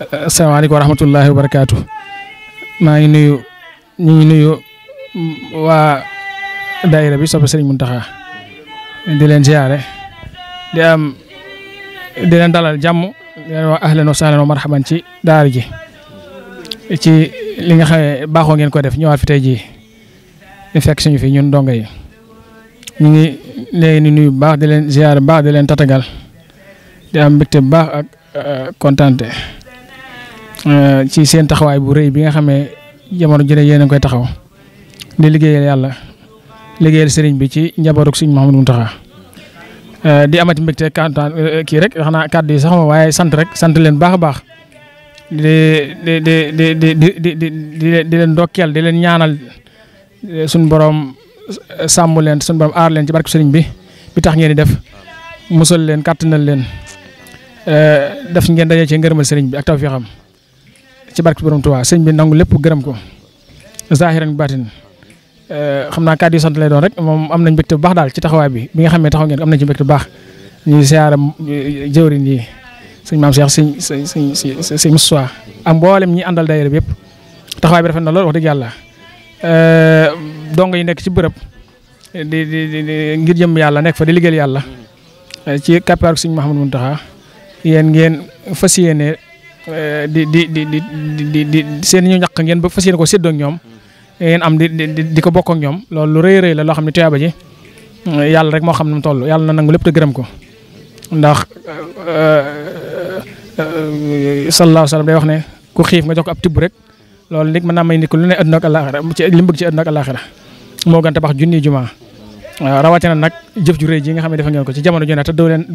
asalaamaaleykum wa rahmatullahi wa barakaatu maa ngi nuyu nuyu waa daayira bi sob Serigne Mountakha di leen ziare di am di leen dalal jàmm di leen wax ahlan ci daara ji ci li nga xam ne baaxoo ngeen ko def ñëwaat fi tey jii ñu fekk suñu fi ñun donga yi ñu ngi léegi ni nuyu bu baax di leen ziare bu baax di tatagal di am mbégte baax ak euh, kontante Euh, ci seen taxawaay bu rëy bi nga xamee ne jamono jële yéen a ngi koy taxaw di liggéeyal yàlla liggéeyal sëriñ bi ci njabootug sëriñ Mouhamadou Mountakha euh, di amati mbégte kantaan euh, kii rek xanaa kàddu yi sax ma waaye sant rek sant leen baax a baax di di di di di di di di leen ndokkeel di leen ñaanal suñu borom sàmm leen suñu borom aar leen ci barke sëriñ bi bi tax ngeen di def musal leen kàttanal leen daf ngeen daje ci ngërëmal sëriñ bi ak taw tawfeexam ci barke borom Tuubaa sëñ bi nangu lépp gërëm ko zahiran baatin eh, xam naa kàddu yu sant lay doon rek moom am nañ mbégte baax daal ci taxawaay bi bi nga xam ne taxaw ngeen am nañ ci mbégte bu baax ñuy siyaara eh, jëwriñ yi sëñ maam Cheikh sëñ sëñ sëñ sëñ Moussa am mboolem ñi àndal daayira bi yëpp taxawaay bi rafet na lool wax dëgg yàlla eh, dong yi nekk ci bërëb di di di ngir jëm yàlla nekk fa di liggéeyal yàlla ci kàppaaru sëñ Mouhamadou Mountakha yéen ngeen fas yéene Eh, di di di di di di seen ñu ñàkk ngeen ba fa yéene ko séddoo ñoom ngeen am di di di ko bokk ak ñoom lool lu rëy rëy la loo xam ne tuyaaba ji eh, yàlla rek moo xam ne mu toll yàlla na nangu lépp te gërëm ko ndax eh, sallallahu alayhi wa sallam day wax ne ku xiif nga jox ko ab tibb rek loolu nit mën naa may nit ku lu ne àdduna ak àllaaxira ci li mu bëgg ci àdduna ak àllaaxira moo gën tabax junni juma waaw rawatina nag jëf ju ji nga xam ne defe ngeen ko ci jamono ju ne te doo leen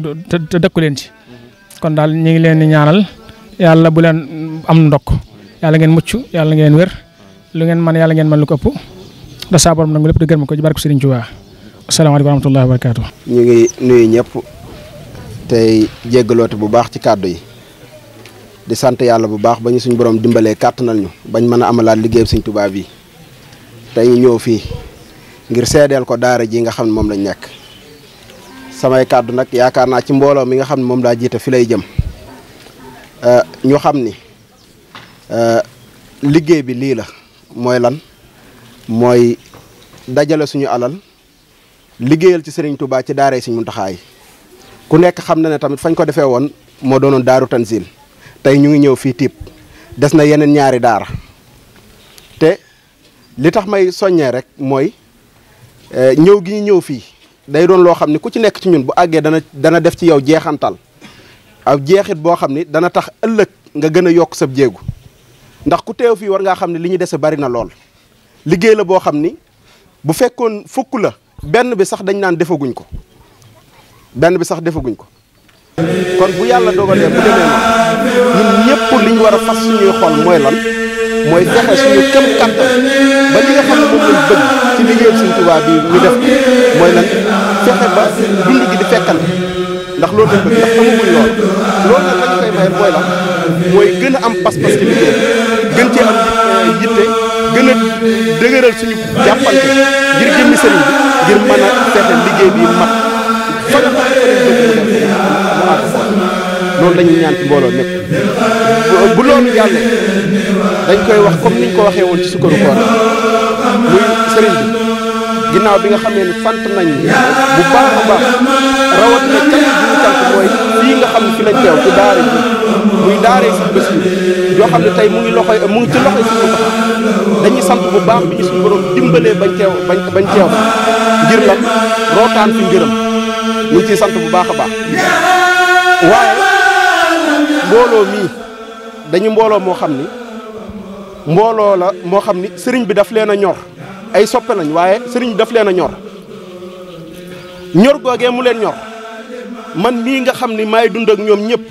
te dëkku leen ci kon leen di ñaanal yàlla bu leen am ndokk yàlla ngeen mucc yàlla ngeen wér lu ngeen man yàlla ngeen man lu ko ëpp da saa borom nangu lépp di gërëm ko ci barke Sëriñ Tuubaa asalaamaaleykum wa rahmatullahi wa barakaatu ñu ngi nuyu ñëpp tey jéggaloote bu baax ci kàddu yi di sant yàlla bu baax ba ñu suñu borom dimbalee kàttanal ñu bañ mën a amalaat liggéeyam Sëriñ tubaab yi tey ñëw fii ngir seedeel ko daara ji nga xam ne moom lañ nekk samay kàddu nag yaakaar naa ci mbooloo nga xam ne moom laa jiite fi lay jëm Euh, ñu xam ni euh, liggéey bi lii la mooy lan mooy dajale suñu alal liggéeyal ci Serigne Touba ci daaray Serigne Mountakha yi ku nekk xam na ne tamit fañ ko defee woon moo doonoon daaru Tanzil tey ñu ngi ñëw fii tiib des na yeneen ñaari daara te li tax may soññee rek mooy euh, ñëw gi ñu ñëw fii day doon loo xam ne ku ci nekk ci ñun bu àggee dana dana def ci yow jeexantal ab jeexit boo xam ni dana tax ëllëg nga gën a yokk sab jéegu ndax ku teew fii war ngaa xam ne li ñu dese bari na lool liggéey la boo xam ni bu fekkoon fukk la benn bi sax dañ naan defaguñ ko benn bi sax defaguñ ko kon bu yàlla dogalee bu demee noonu ñun ñëpp li ñu war a fas suñuy xol mooy lan mooy fexe suñu këm kàttan ba ñu def mooy lan fexe ba dund gi di fekkal ndax loolu dëkk bi ndax amaguñ lool loolu nag lañ koy mayal mooy la mooy gën a am pas-pas ci liggéey gën cee am yitte gën a dëgëral suñu jàppante ngir jëmmi sëriñ bi ngir a fexe liggéey bi mat fa dañuy ñaan ci mbooloo nekk bu loolu yàlla dañ koy wax comme niñ ko waxee woon ci sukkaru koor muy sëriñ bi ginnaaw bi nga xamee ne sant nañu bu baax a baax rawat na cant bi ñu cant mooy fii nga xam ne fi lañ teew ci muy daara si bés bi yoo xam ne tey mu ngi loxoy mu ngi ci loxoy suñu dañuy sant bu baax bi bañ bañ bañ teew ngir lan sant bu baax a baax waaye mbooloo mii dañu mbooloo moo xam ni mbooloo la moo xam ni sëriñ bi dafa leen a ñor ay soppe nañ waaye sëriñ daf leen a ñor ñor googee mu leen ñor man mii nga xam ni maay dund ak ñoom ñëpp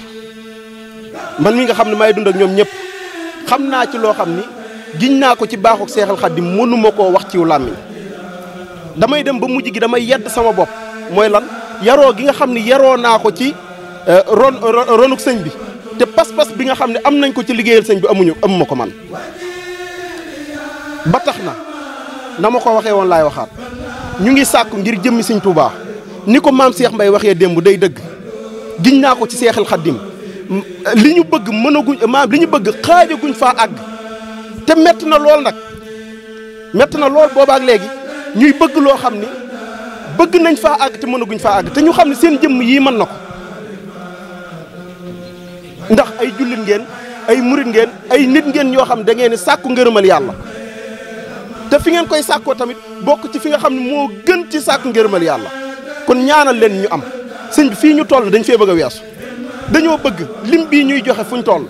man mii nga xam ne maay dund ak ñoom ñëpp xam naa ci loo xam ni giñ naa ko ci baaxu seexal xaddim mënuma koo wax ciw làmmiñ damay dem ba mujj gi damay yedd sama bopp mooy lan yaroo gi nga xam ni yaroo naa ko ci euh, ron ronuk sëñ bi te pas-pas bi nga xam ne am nañ ko ci liggéeyal sëñ bi amuñu amuma ko man ba na na ma ko waxee woon laay waxaat ñu ngi sàkku ngir jëmmi Sëñ ni ko maam Cheikh Mbaye waxee démb day dëgg giñ naa ko ci Seexul Xaddim li ñu bëgg mënaguñ maam li ñu bëgg xaajaguñ faa àgg te métti na lool nag métti na lool boobaak léegi ñuy bëgg loo xam ni bëgg nañ faa àgg te mënaguñ faa àgg te ñu xam ne seen jëmm yii mën na ndax ay jullit ngeen ay murit ngeen ay nit ngeen ñoo xam da ngeen ni sàkku ngërëmal yàlla te fi ngeen koy sàkkoo tamit bokk ci fi nga xam ne moo gën ci sàkk ngërëmal yàlla kon ñaanal leen ñu am sëñ bi fii ñu toll dañ fee bëgg a weesu dañoo bëgg lim bii ñuy joxe fuñ toll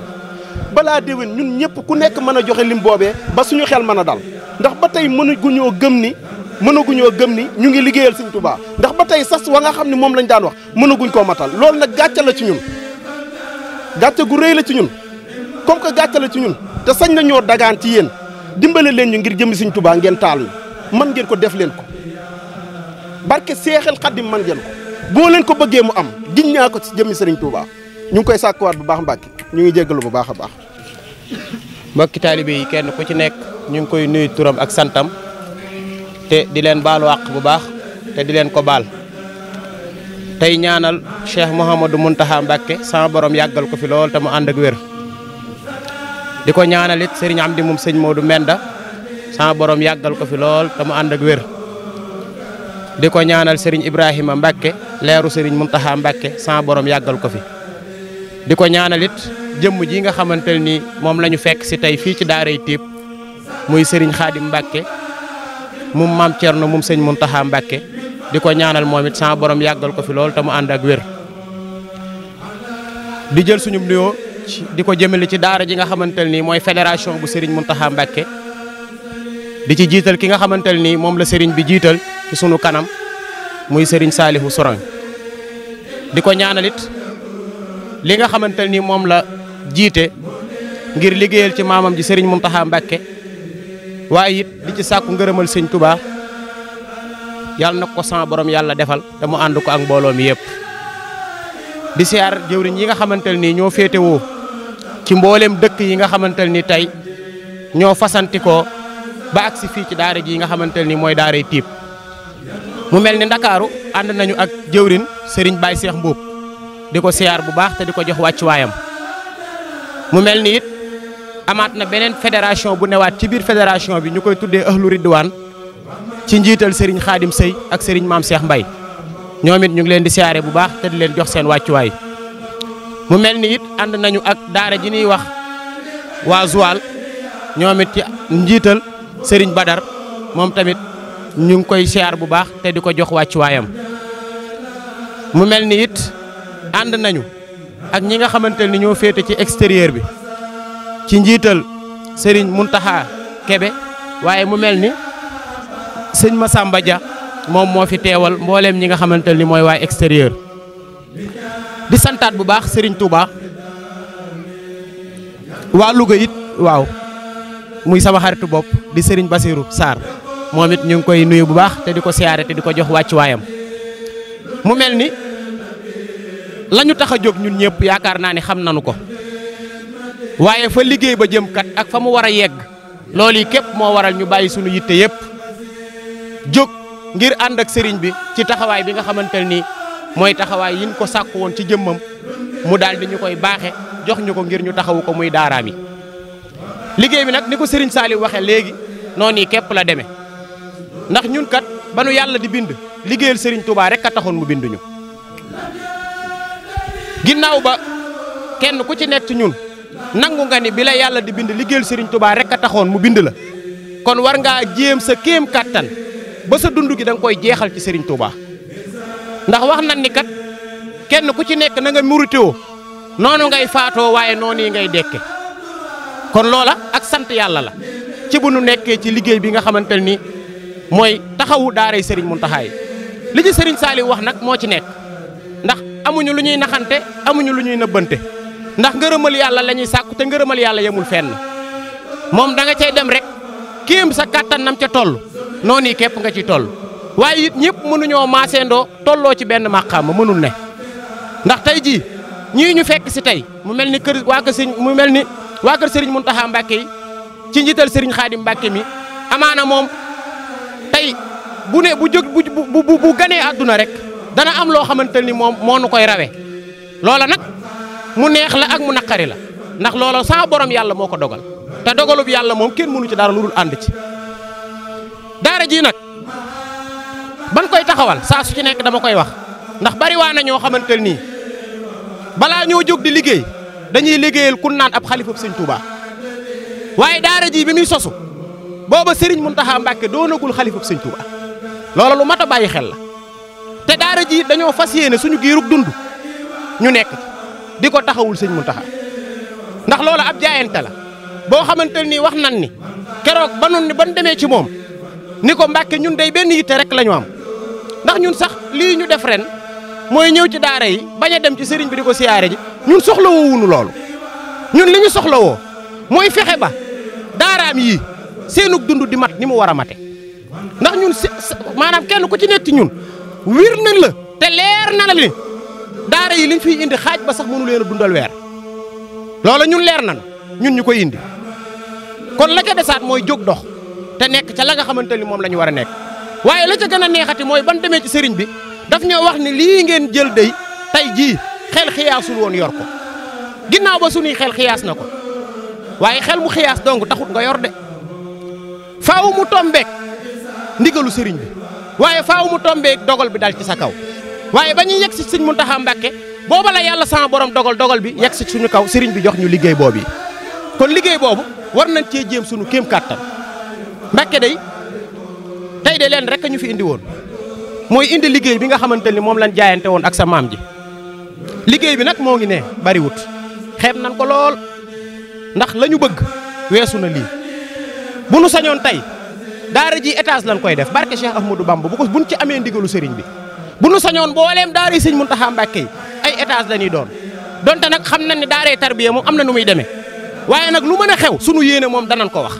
balaa déwén ñun ñëpp ku nekk mën a joxe lim boobee ba suñu xel mën a dal ndax ba tey mënaguñoo gëm ni mënaguñoo gëm ni ñu ngi liggéeyal sëñ Tuubaa ndax ba tey sas wa nga xam ne moom lañ daan wax mënaguñ koo matal loolu nag gàcce la ci ñun gàcce gu la ci ñun comme que gàcce la ci ñun te sañ nañoo dagaan ci yéen dimbale leen ñu ngir jëmmi Sëñ Tuubaa ngeen taal ñu man ngeen ko def leen ko barke Seexal Xaddim man ngeen ko boo leen ko bëggee mu am giñ naa ko ci jëmmi Sëriñ Tuubaa ñu ngi koy sàkkuwaat bu baax Mbàkke ñu ngi jéggalu bu baax a baax mbokki taalibe kenn ku ci nekk ñu ngi koy nuyu turam ak santam te di leen baal àq bu baax te di leen ko baal tey ñaanal Cheikh Mouhamadou Mountakha Mbacké sama borom yàggal ko fi lool te mu ànd ak wér di ko ñaanal it sëriñ Amdi moom sëñ Modou Menda sama borom yàggal ko fi lool te mu ànd ak wér. di ko ñaanal sëriñ Ibrahima Mbacke leeru sëriñ Mountakha Mbacke sama borom yàggal ko fi. di ko ñaanal it jëmm ji nga xamante ni moom lañu fekk si tey fii ci daaray Tiib muy sëriñ Xaadim Mbacke moom maam Thierno moom sëñ Mountakha Mbacke di ko ñaanal moom it sama borom yàggal ko fi lool te mu ànd ak wér. di jël suñu nuyoo xëcc di ko jëmale ci daara ji nga xamante ne nii mooy fédération bu Serigne Mountakha Mbacké di ci jiital ki nga xamante ne nii moom la Serigne bi jiital ci sunu kanam muy sëriñ Salihu Sorang di ko ñaanalit li nga xamante ne moom la jiite ngir liggéeyal ci maamam ji Serigne Mountakha Mbacké waaye it di ci sàkku ngërëmal sëñ Touba yàlla na ko sama borom yàlla defal te mu ànd ko ak mbooloo mi yëpp di siyaar jëwriñ yi nga xamante ne nii ñoo féetewoo ci mbooleem dëkk yi nga xamante ni tey ñoo fasantikoo ba agsi fii ci daara ji nga xamante ni mooy daaray tiib mu mel ni ndakaaru ànd nañu ak jëwrin sëriñ baay Cheikh Mboup di ko siyaar bu baax te di ko jox wàccuwaayam mu mel ni it amaat na beneen fédération bu newaat ci biir fédération bi ñu koy tuddee ahlu ridwaan ci njiital sëriñ Xaadim Sëy ak sëriñ maam seex Mbay ñoom it ñu ngi leen di siyaare bu baax te di leen jox seen wàccuwaay mu mel ni it ànd nañu ak daara ji ñuy wax waa Joal ñoom ci njiital sëriñ Badar moom tamit ñu ngi koy siyaar bu baax te di ko jox wàccuwaayam mu mel ni it ànd nañu ak ñi nga xamante ni ñoo féete ci extérieur bi ci njiital Serigne Muntaxa Kebe waaye mu mel ni sëñ Massamba Dia moom moo fi teewal mbooleem ñi nga xamante ni mooy waa extérieur di santaat bu baax Serigne Touba waa Louga it waaw muy sama xaritu bopp di sëriñ Basirou Sarr moom it ñu ngi koy nuyu bu baax te di ko siyaare te di ko jox wàccuwaayam mu mel ni lañu tax a jóg ñun ñëpp yaakaar naa ne xam nañu ko waaye fa liggéey ba jëm kat ak fa mu war a yegg loolu yi képp moo waral ñu bàyyi sunu yitte yëpp jóg ngir ànd ak sëriñ bi ci taxawaay bi nga xamante ni mooy taxawaay yin ko sàkk woon ci jëmmam mu daal di ñu koy baaxe jox ñu ko ngir ñu taxawu ko muy daaraam yi liggéey bi nag ni ko Serigne Saliou waxee léegi noonu yi képp la demee ndax ñun kat banu nu yàlla di bind liggéeyal Serigne Touba rek a taxoon mu binduñu ginnaaw ba kenn ku ci nekk ci ñun nangu nga ni bi la yàlla di bind liggéeyal Serigne Touba rek a taxoon mu bind la kon war nga jéem sa kéem kàttan ba sa dund gi da koy jeexal ci Serigne Touba. ndax wax nañ ni kat kenn ku ci nekk na nga muriteewoo noonu ngay faatoo waaye noonu yi ngay dekke kon loola ak sant yàlla la ci bu nu nekkee ci liggéey bi nga xamante ni mooy taxawu daaray Serigne Mountakha yi li ci Serigne saali wax nag moo ci nekk ndax amuñu lu ñuy naxante amuñu lu ñuy nëbbante ndax ngërëmal yàlla la ñuy sàkku te ngërëmal yàlla feen fenn moom da nga cay dem rek kéem sa kàttanam ca toll noonu yi képp nga ci toll. waa waaye it ñëpp mënuñoo doo tolloo ci benn màqaama mënul ne ndax tey jii ñii ñu fekk si tey mu mel ni kër waa kër sëriñ mu mel ni waa kër sëriñ Muntaxa Mbàkke yi ci njiital sëriñ Xaadim Mbàkke mi amaana moom tey bu ne bu jóg bu bu bu ganee àdduna rek dana am loo xamante ni moom moo nu koy rawe loola nag mu neex la ak mu naqari la ndax loola saa borom yàlla moo ko dogal te dogalub yàlla moom kenn mënu ci dara lu dul ànd ci daara ji nag ban koy taxawal saa su ci nekk dama koy wax ndax bari waa na ñoo xamante nii balaa ñoo jóg di liggéey dañuy liggéeyal kun naan ab xalifab sëñ Touba waaye daara ji bi muy sosu booba Serigne Mountakha Mbacké doonagul xalifab sëñ Touba loola lu mat a bàyyi xel la te daara ji dañoo fas yéene suñu giirug dund ñu nekk di ko taxawul sëñ Mountakha ndax loola ab jaayante la boo xamante nii wax nan ni keroog ba nun ni ban demee ci moom ni ko Mbacké ñun day benn yitte rek la ñu am ndax ñun sax lii ñu def ren mooy ñëw ci daara yi bañ a dem ci sëriñ bi di ko siyaare ñun soxlawoo wuñu loolu ñun li ñu soxlawoo mooy fexe ba daaraam yii seenug dund di mat ni mu war a mate ndax ñun maanaam kenn ku ci nekk ci ñun wir nañ la te leer na la ni daara yi ñu fiy indi xaaj ba sax mënu leen a dundal weer loola ñun leer nañ ñun ñu koy indi kon la ca desaat mooy jóg dox te nekk ca la nga xamante ni moom lañu ñu war a nekk waaye la ca gën a neexati mooy ban demee ci sëriñ bi daf ñoo wax ni lii ngeen jël day tey jii xel xiyaasul woon yor ko ginnaaw ba sunuy xel xiyaas na ko waaye xel mu xiyaas donc taxut nga yor de faaw mu tombeek ndigalu sëriñ bi waaye faaw mu tombeek dogal bi dal ci sa kaw waaye ba ñuy yegg si sëñ Muntaxa Mbàkke booba la yàlla sama borom dogal dogal bi yegg si suñu kaw sëriñ bi jox ñu liggéey boobu yi kon liggéey boobu war nañ cee jéem suñu kéem kàttan Mbàkke tey de leen rek ñu fi indi woon mooy indi liggéey bi nga xamante ni moom lañ jaayante woon ak sa maam ji liggéey bi nag moo ngi ne bariwut xeeb nañ ko lool ndax lañu bëgg weesu na lii bu nu sañoon tey daa ji étage lañ koy def barke Cheikh Ahmadou Bamba bu ko buñ ci amee ndigalu sëriñ bi bu nu sañoon boo booleem daara sëñ Muntaxa Mbàkke ay étage la ñuy doon donte nag xam nañ ne daaree tarbiya moom am na nu muy demee waaye nag lu mën a xew sunu yéene moom danañ ko wax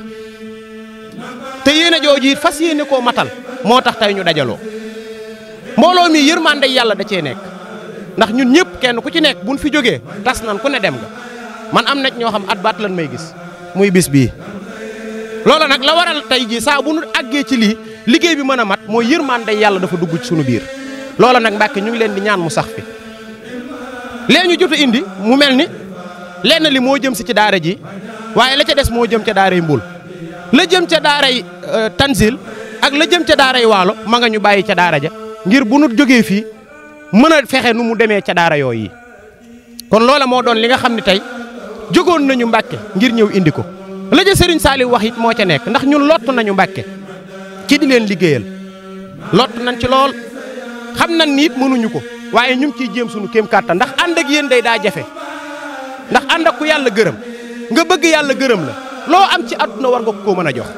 te yéen a jooju it fas yéene koo matal moo tax tey ñu dajaloo mbooloo mi yërmande yàlla da cee nekk ndax ñun ñëpp kenn ku ci nekk buñ fi jógee tas nan ku ne dem nga man am na ñoo xam at baat lan may gis muy bis bii. loola nag la waral tey jii saa bu nu ci lii liggéey bi mën a mat mooy yërmande yàlla dafa dugg ci sunu biir loola nag mbàkke ñu ngi leen di ñaan mu sax fi lee ñu jot indi mu mel ni lenn li moo jëm si ci daare ji waaye la ca des moo jëm ca daaray mbul la jëm ca daaray euh, tanzil ak la jëm ca daaray waalo ma nga ñu bàyyi ca daara ja ngir bu nu jógee fii mën a fexe nu mu demee ca daara yooyu yi kon loola moo doon li nga xam ne tey jógoon nañu mbàkke ngir ñëw indi ko la ja sëriñ Saliou wax it moo ca nekk ndax ñun lott nañu mbàkke ci di leen liggéeyal nañ ci lool xam nañ ni it mënuñu ko waaye ñu ngi ciy jéem suñu kéem kàttan ndax ànd ak yéen day daa jafe ndax ànd ak ku yàlla gërëm nga bëgg yàlla gërëm la loo am ci àdduna war nga koo mën a jox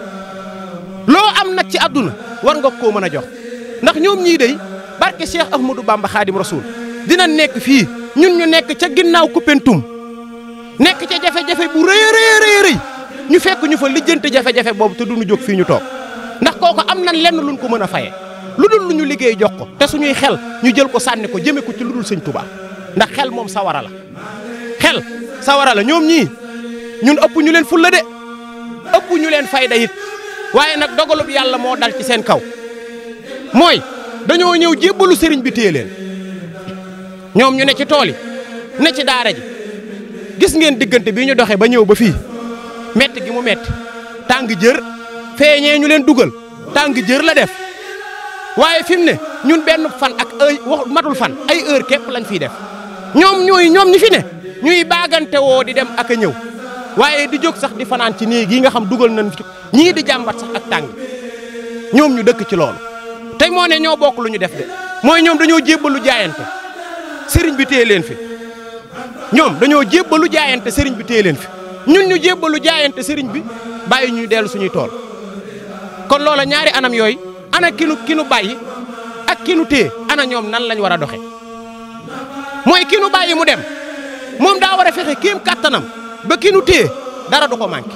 loo am nag ci àdduna war nga koo mën a jox ndax ñoom ñii day barke Cheikh Ahmadou Bamba Xaadim Rasul dina nekk fii ñun ñu nekk ca ginnaaw Koumpentoum nekk ca jafejafe jafe ñu fekk ñu fa lijjante jafejafe boobu te duñu jóg fii ñu toog ndax kooku am nan lenn luñ ko mën a faye lu dul lu ñu liggéey jox ko te suñuy xel ñu jël ko sànni ko jëme ko ci lu dul sëñ Tuubaa ndax xel moom sawara la xel sawara la ñoom ñii ñun ëpp ñu leen fayda it waaye nag dogalub yàlla moo dal ci seen kaw mooy dañoo ñëw jébbalu sëriñ bi téye leen ñoom ñu ne ci tool yi ne ci daara gis ngeen diggante bi ñu doxee ba ñëw ba fii metti gi mu metti tàng jër feeñee ñu leen dugal tàng jër la def waaye fi ne ñun benn fan ak ay wax matul fan ay heure képp lañ fiy def ñoom ñooy ñoom ñi fi ne ñuy baagante woo di dem ak a ñëw waaye di jóg sax di fanaan ci néeg yi nga xam dugal nañ ci ñii di jàmbat sax ak tàng ñoom ñu dëkk ci lool tey moo ne ñoo bokk lu ñu def mooy ñoom dañoo jébbalu jaayante sëriñ bi téye leen fi ñoom dañoo lu jaayante sëriñ bi téye leen fi ñun ñu lu jaayante sëriñ bi bàyyi ñuy dellu suñuy tool kon loola ñaari anam yooyu ana kinu kinu bàyyi ak kinu téye ana ñoom nan lañ war a doxe mooy kinu bàyyi mu dem moom daa war a fexe kéem kattanam. ba ki téye dara du ko manqué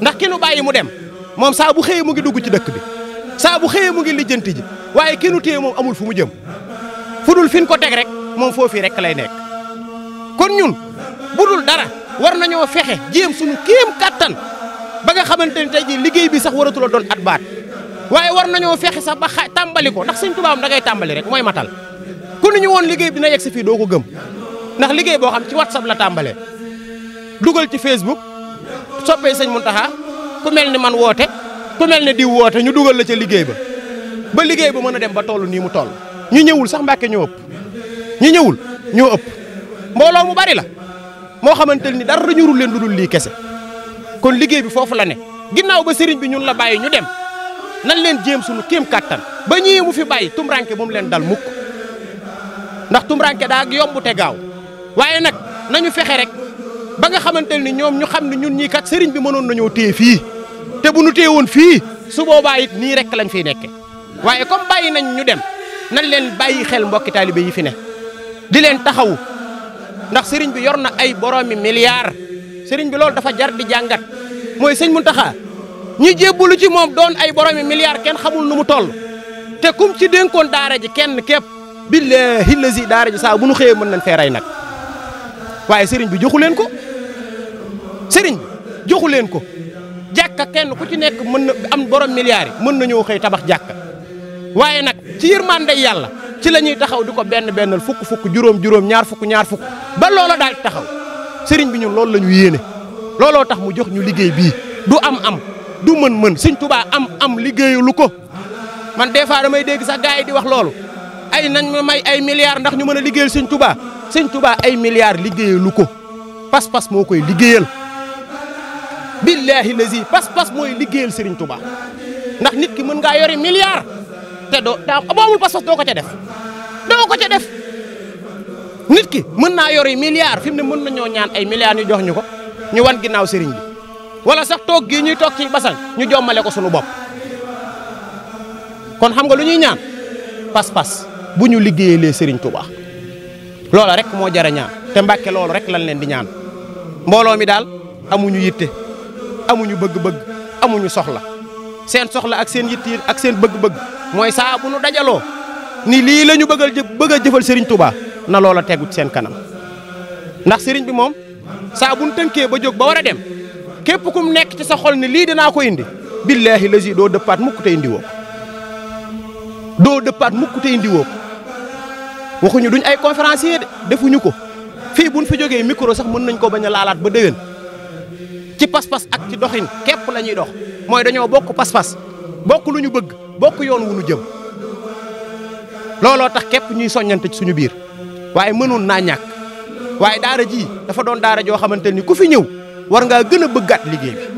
ndax ki nu bàyyi mu dem moom saa bu xëyee mu ngi dugg ci dëkk bi saa bu xëyee mu ngi lijjanti ji waaye ki nu moom amul fu mu jëm fu dul fi ñu ko teg rek moom foofii rek lay nekk kon ñun bu dul dara war nañoo fexe jéem suñu kéem kattan ba nga xamante ne tey jii liggéey bi sax waratula doon at baat waaye war na nañoo fexe sax ba tàmbali ko ndax sëñ tubaab da ngay tàmbali rek mooy matal ku ñu woon liggéey bi na yegg si fii doo ko gëm ndax liggéey boo xam ci WhatsApp la tàmbalee dugal ci Facebook soppee sëñ Muntaxa ku mel ni man woote ku mel ni di woote ñu dugal la ca liggéey ba ba liggéey ba mën a dem ba toll nii mu toll ñu ñëwul sax Mbàkke ñoo ëpp ñu ñëwul ñoo ëpp mbooloo mu bari la moo xamante ni dar ñurul leen lu dul lii kese kon liggéey bi foofu la ne ginnaaw ba sëriñ bi ñun la bàyyi ñu dem nan leen jéem suñu kéem kàttan ba ñii mu fi bàyyi tumranke bu mu leen dal mukk ndax tumranke daa yomb te gaaw waaye nag nañu fexe rek ba nga xamante ni ñoom ñu xam ne ñun ñii kat sëriñ bi mënoon nañoo téye fii te bu nu téye woon fii su boobaa it nii rek lañ fiy nekke waaye comme bàyyi nañ ñu dem nañ leen bàyyi xel mbokki taalibe yi fi ne di leen taxawu ndax sëriñ bi yor na ay boroomi milliards sëriñ bi loolu dafa jar di jàngat mooy sëñ Muntaxa ñi jébbalu ci moom doon ay boroomi milliards kenn xamul nu mu toll te kum ci dénkoon daara ji kenn képp billaahi lazi daara ji saa bu nu xëyee mën nañ fee rey nag waaye sëriñ bi joxu leen ko sëriñ bi joxu leen ko jàkka kenn ku ci nekk mën na am borom milliards yi mën nañoo xëy tabax jàkka waaye nag ci yërmande yàlla ci la ñuy taxaw di ko benn bennal fukk fukk juróom juróom ñaar fukk ñaar fukk ba loola daal taxaw sëriñ bi ñun loolu la ñu yéene looloo tax mu jox ñu liggéey bii du am-am du mën-mën sëñ tubaa am-am liggéeyalu ko man des fois damay dégg sax gars yi di wax loolu ay nañ ma may ay milliards ndax ñu mën a liggéeyal sëñ tubaa sëñ tubaa ay milliards liggéeyalu ko pas-pas moo koy liggéeyal. billaahi lazi pas-pas mooy liggéeyal Serigne Touba ndax nit ki mën ngaa yore milliard te doo taa boo amul pas-pas doo ko ca def doo ko ca def ki mën naa yore milliard fi mu ne mën nañoo ñaan ay milliards ñu jox ñu ko ñu wan ginnaaw Serigne bi wala sax toog gii ñuy toog ci basan ñu jommale ko sunu bopp kon xam nga lu ñuy ñaan pas-pas bu ñu liggéeyalee Serigne Touba loola rek moo jar a te mbake loolu rek lañ leen di ñaan mbooloo mi daal amuñu yitte. amuñu bëgg-bëgg amuñu soxla seen soxla ak seen yitt ak seen bëgg-bëgg mooy saa bu nu dajaloo ni lii la ñu bëggal bëgg a jëfal Serigne Touba na loola tegu ci seen kanam ndax Serigne bi moom saa bu nu tënkee ba jóg ba war a dem képp ku mu nekk ci sa xol ni lii dinaa ko indi billaahi lasi doo dëppaat mukk te indi woo doo dëppaat mukk te indi woo waxuñu duñ ay conférencier de defuñu ko fii buñ fi jógee micro sax mën nañ ko bañ a laalaat ba déwén ci pas-pas ak ci doxin képp la ñuy dox mooy dañoo bokk pas-pas bokk lu ñu bëgg bokk yoon wu ñu jëm looloo tax képp ñuy soññante ci suñu biir waaye mënoon naa ñàkk waaye daara ji dafa doon daara joo xamante ni ku fi ñëw war ngaa gën a bëggaat liggéey bi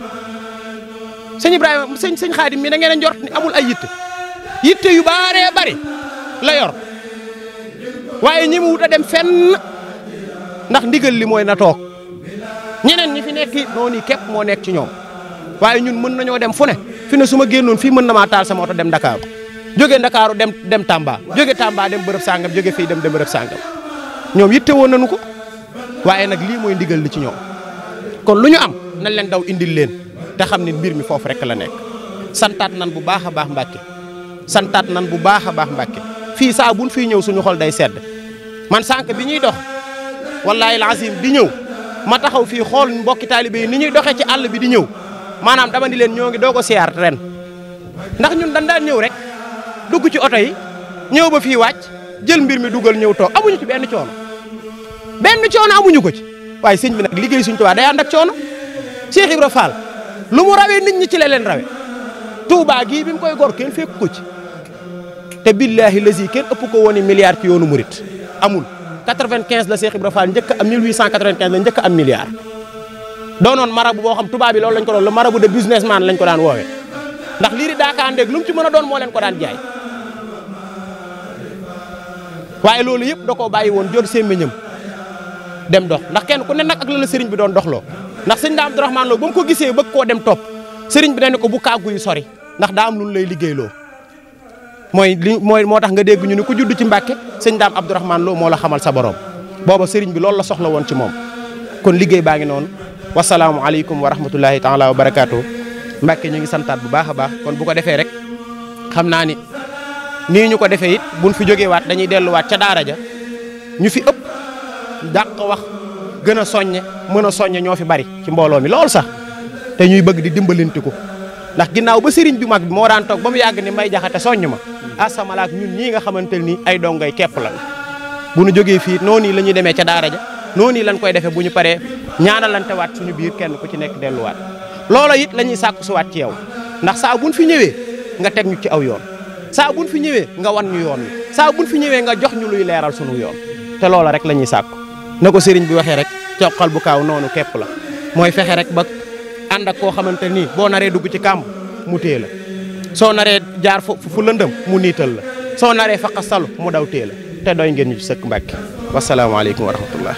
sëñ Ibrahima sëñ sëñ Xaadim mi da ngeen a njort ni amul ay yitte yitte yu baaree bari la yor waaye ñi mu wut a dem fenn ndax ndigal li mooy na toog. ñeneen ñi fi nekk it noonu képp moo nekk ci ñoom waaye ñun mën nañoo dem fu ne fi ne su ma génnoon fii mën na maa taal sama dem Dakar jóge ndakaaru dem dem Tamba jóge Tamba dem bërëb sàngam jóge fii dem dem bërëb sàngam ñoom yitte woon nañu ko waaye nag lii mooy ndigal li ci ñoom kon lu ñu am nañ leen daw indil leen te xam ne mbir mi foofu rek la nekk santaat nan bu baax a baax Mbàkke santaat nan bu baax a baax Mbàkke fii saa buñ fii ñëw suñu xol day sedd man sànq bi ñuy dox wallaahi lazim di ñëw ma taxaw fii xool mbokki taalibe yi ni ñuy doxee ci àll bi di ñëw maanaam dama ni leen ñoo ngi doog a siyaar ren ndax ñun dañ daan ñëw rek dugg ci oto yi ñëw ba fii wàcc jël mbir mi dugal ñëw toog amuñu ci benn coono benn coono amuñu ko ci waaye sëñ bi nag liggéey suñ waa day ànd ak coono Cheikh Ibra lu mu rawee nit ñi ci la leen rawe gii bi koy gor kenn fekk ko ci te billaahi lazi kenn ëpp ko woon i milliard ci yoonu murit amul 95 la Cheikh Ibra Fall njëkk am 1895 la njëkk am milliard doonoon marabu boo xam tubaab bi loolu lañ ko doon le marabu de businessman lañ ko daan woowee ndax liiri daakaandeeg lu mu ci mën a doon moo leen ko daan jaay waaye loolu yëpp da koo bàyyi woon jor sémmiñam dem dox ndax kenn ku ne nag ak la la sëriñ bi doon dox doxloo ndax sëñ daa Abdourahmane Lo ba ko gisee bëgg koo dem topp sëriñ bi ne ko bu kàggu yu sori ndax daa am lu lay liggéeyloo mooy li mooy moo tax nga dégg ñu ni ku judd ci Mbàkke sëñ Daam Abdourahmane Lo moo la xamal sa borom booba sëriñ bi loolu la soxla woon ci moom kon liggéey baa ngi noonu wasalaamu aleykum wa rahmatullahi taala wa barakaatu Mbàkke ñu ngi santaat bu baax a baax kon bu ko defee rek xam naa ni nii ñu ko defee bun fi jógee waat dañuy delluwaat ca daara ja ñu fi ëpp dàq wax gën a soññe mën a soññe ñoo fi bari ci mbooloo mi lool sax te ñuy bëgg di dimbalintiku ndax ginnaaw ba sëriñ bi mag bi moo daan toog ba mu yàgg ni may jaxate soññ ma asamalaak ñun ñii nga xamante ni ay dongay képp la bu ñu jógee fii noonu yi la ñuy demee ca daara ja noonu yi lañ koy defee bu ñu paree ñaanalante waat suñu biir kenn ku ci nekk delluwaat loolo it la ñuy sàkku suwaat ci yow ndax saa buñ fi ñëwee nga teg ñu ci aw yoon saa buñ fi ñëwee nga wan ñu yoon wi saa buñ fi ñëwee nga jox ñu luy leeral suñu yoon te loola rek la ñuy sàkku na ko sëriñ bi waxee rek coqal bu kaaw noonu képp la mooy ànd ak koo xamante nii boo naree dugg ci kàmb mu téye la soo naree jaar fu lëndëm mu niital la soo naree faqa salu mu daw téye la te doy ngeen ñu ci sëkk Mbàkke wasalaamaaleykum wa rahmatullah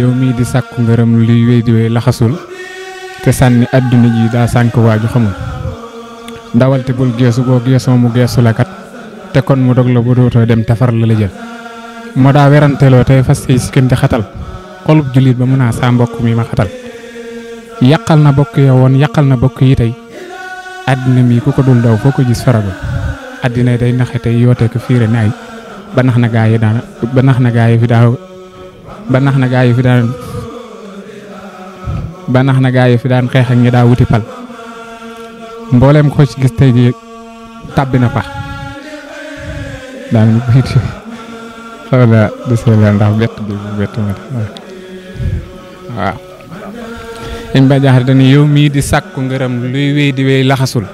yow mii di sàkku ngërëm luy wéy di wéy laxasul te sànni adduna ji daa sànk waaju xamul ndawal bul geesu boo geesoo mu geesu la kat te kon mu dog la bu dootoo dem tafar la la jël moo daa weranteeloo tey fas yi sikkante xatal xolub jullit ba mën a saa mbokk mi ma yàqal na bokk ya woon yàqal na bokk yi tey àddina mi ku ko dul daw foo ko gis farago àddina day naxe tey yootee ko fiire ne ay banax na gaa yi daan na gaa yi fi daan ba na gaa yi fi daan ba na gaa yi fi daan xeex ak ñi daa wuti pal mbooleem ko ci gis tey ji na pax daan bit xaw la desee la ndax bett bi bett ma waaw sëñ Ba Jaxate ne yow mii di sàkku ngërëm luy wéy di wéy laxasul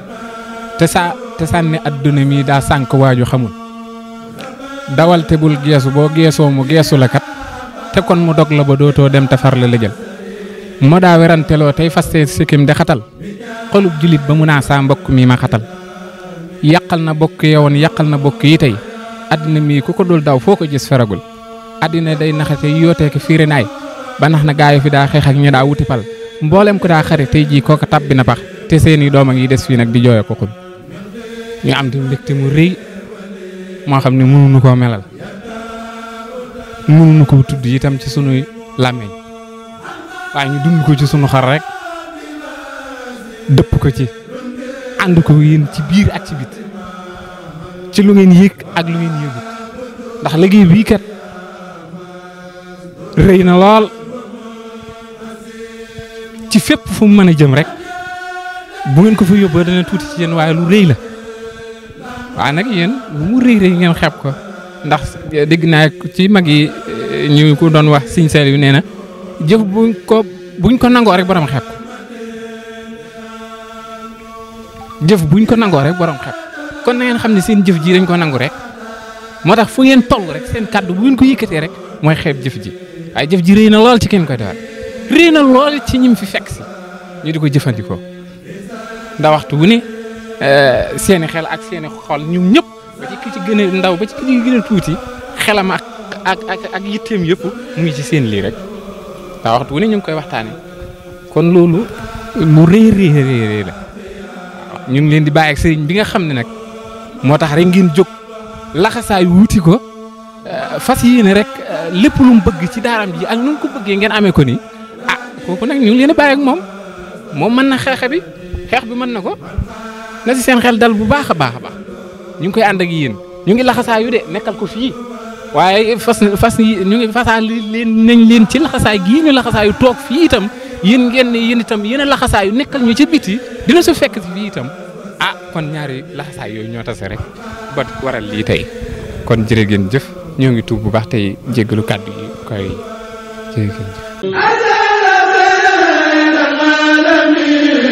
te sa te sànni adduna mii daa sànq waaju xamul dawal te geesu boo geesoo mu geesu la kat te kon mu dog la ba dootoo dem te far la lëjal moo daa weranteloo tey faste sikkim de xatal xolub jullit ba mu naa saa mbokk mii ma xatal yàqal na bokk yowoon yàqal na bokk yi tey addina mii ku ko dul daw foo ko jis feragul addina day naxate yootee ki fiiri naay ba nax na gaayu fi daa xeex ak ñu daa mboolem ko daa xare tey jii kooka tabbi na pax te seeni doom a ngi des fii nag di jooyoo ko ko ñu am te mu rëy moo xam ne mënuñu koo melal mënuñu ko tudd tam ci sunuy làmmiñ waaye ñu dund ko ci sunu xar rek dëpp ko ci ànd ko yéen ci biir ak ci bit ci lu ngeen yëg ak lu ngeen yëgut ndax liggéey bii kat rëy na lool ci fépp fu mu mën a jëm rek bu ngeen ko fu yóbboo dana tuuti ci yéen waaye lu rëy la waaye nag yéen lu mu rëy rëy ngeen xeeb ko ndax dégg naa ci mag yi eh, ñu ko doon wax Sëñ yu nee na jëf bu ko buñ ko nangoo rek boroom xeeb ko buñ ko nangoo rek borom xeeb kon na ngeen xam ne seen jëf ji dañ ko nangu rek moo tax fu ngeen toll rek seen kàddu bu ngeen ko yëkkatee rek mooy xeeb jëf ji waaye jëf ji rëy na lool ci kenn koy defal rëy na lool ci ñim fi fekk si ñu di ko jëfandikoo ndax waxtu wu ne eh, seeni xel ak seeni xol ñoom ñëpp ba ci ki ci gën ndaw ba ci ki ci gën tuuti xelam ak ak ak ak yitteem yëpp mu ngi ci seen lii rek ndax waxtu wu ne ñu ngi koy waxtaane kon loolu lu rëy rëy rëy la ñu ngi leen di bàyyi ak sëriñ bi nga xam ne nag moo tax rek ngeen jóg laxasaay wuti ko eh, fas yéene rek eh, lépp lu bëgg ci daaram ji ak nu ko bëggee ngeen amee ko nii boobu nag ñu ngi leen a bàyyi ak moom moom mën na xeex bi xeex bi mën na ko na si seen xel dal bu baax a baax a baax ñu ngi koy ànd ak yéen ñu ngi laxasaayu de nekkal ko fii waaye fas fas yi ñu ngi fasaa leen nañ leen ci laxasaay gii ñu laxasaayu toog fii itam yéen ngeen yéen itam yéen a laxasaayu nekkal ñu ci biti dina su fekk fii itam ah kon ñaari laxasaay yooyu ñoo tase rek ba waral lii tey kon jërë ngeen jëf ñoo ngi tuub bu baax tey jéggalu kàddu yi koy jërë ngeen jëf